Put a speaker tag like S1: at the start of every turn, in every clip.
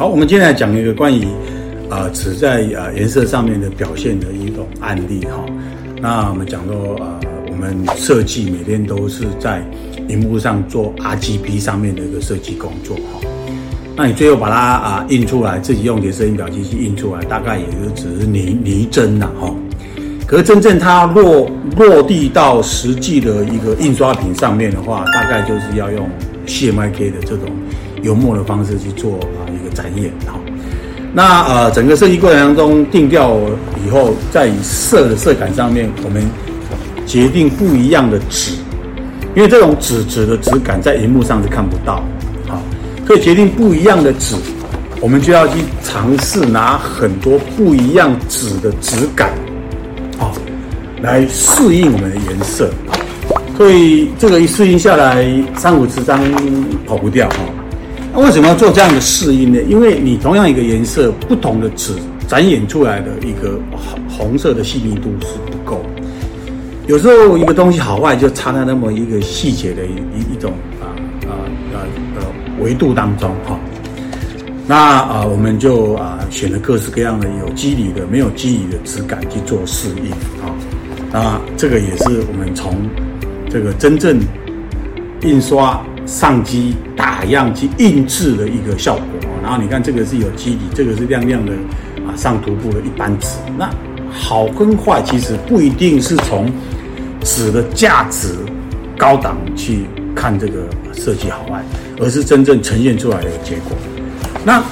S1: 好，我們今天來講一個關於啊紙在啊顏色上面的表現的一種案例哈、哦。那我們講到啊，我們設計每天都是在熒幕上做 RGB 上面的一個設計工作哈、哦。那你最後把它啊、呃、印出來，自己用點攝影表機去印出來，大概也就只是擬擬真了、啊、哈、哦。可是真正它落落地到實際的一個印刷品上面的話，大概就是要用 CMYK 的這種油墨的方式去做。展演哈，那呃，整個設計過程當中定調以後，在色的色感上面，我們決定不一樣的紙，因為這種紙紙的質感在熒幕上是看不到，好，所以決定不一樣的紙，我們就要去嘗試拿很多不一樣紙的紙感，好，來適應我們的顏色，所以這個一適應下來，三五十張跑不掉哈。哦為什麼要做這樣的試印呢？因為你同樣一個顏色，不同的紙展演出來的一個紅色的細膩度是不夠。有時候一個東西好壞就差在那麼一個細節的一一,一種啊啊啊呃維、啊、度當中哈、啊。那啊我們就啊選擇各式各樣的有肌理的、沒有肌理的質感去做試印。啊那、啊、這個也是我們從這個真正印刷上機。打樣去印製的一個效果，然後你看這個是有肌理，這個是亮亮的，啊，上塗布的一般紙。那好跟壞其實不一定是從紙的價值、高檔去看這個設計好壞，而是真正呈現出來的結果。那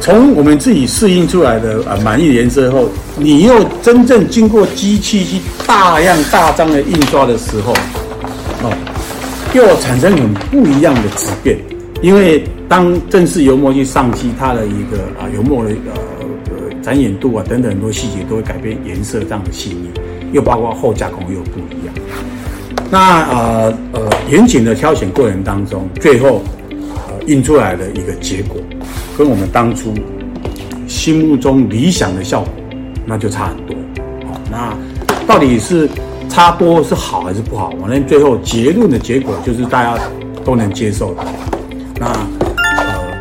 S1: 從我們自己試印出來的啊滿意的顏色後，你又真正經過機器去大量大張的印刷的時候，哦、啊。又產生很不一樣的質變，因為當正式油墨去上機，它的一個啊油墨的呃、呃、呃展演度啊等等很多細節都會改變顏色這樣的細膩，又包括後加工又不一樣。那呃呃嚴謹的挑選過程當中，最後、呃、印出來的一個結果，跟我們當初心目中理想的效果，那就差很多、哦。那到底是？差多是好還是不好？反正最後結論的結果就是大家都能接受的。那呃，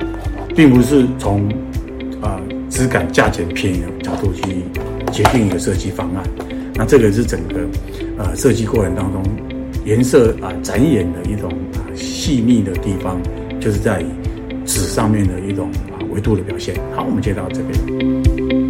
S1: 並不是從啊質感價錢偏、偏角度去決定一個設計方案。那這個是整個呃設計過程當中顏色啊、呃、展演的一種細膩、呃、的地方，就是在紙上面的一種啊維、呃、度的表現。好，我們接到這邊。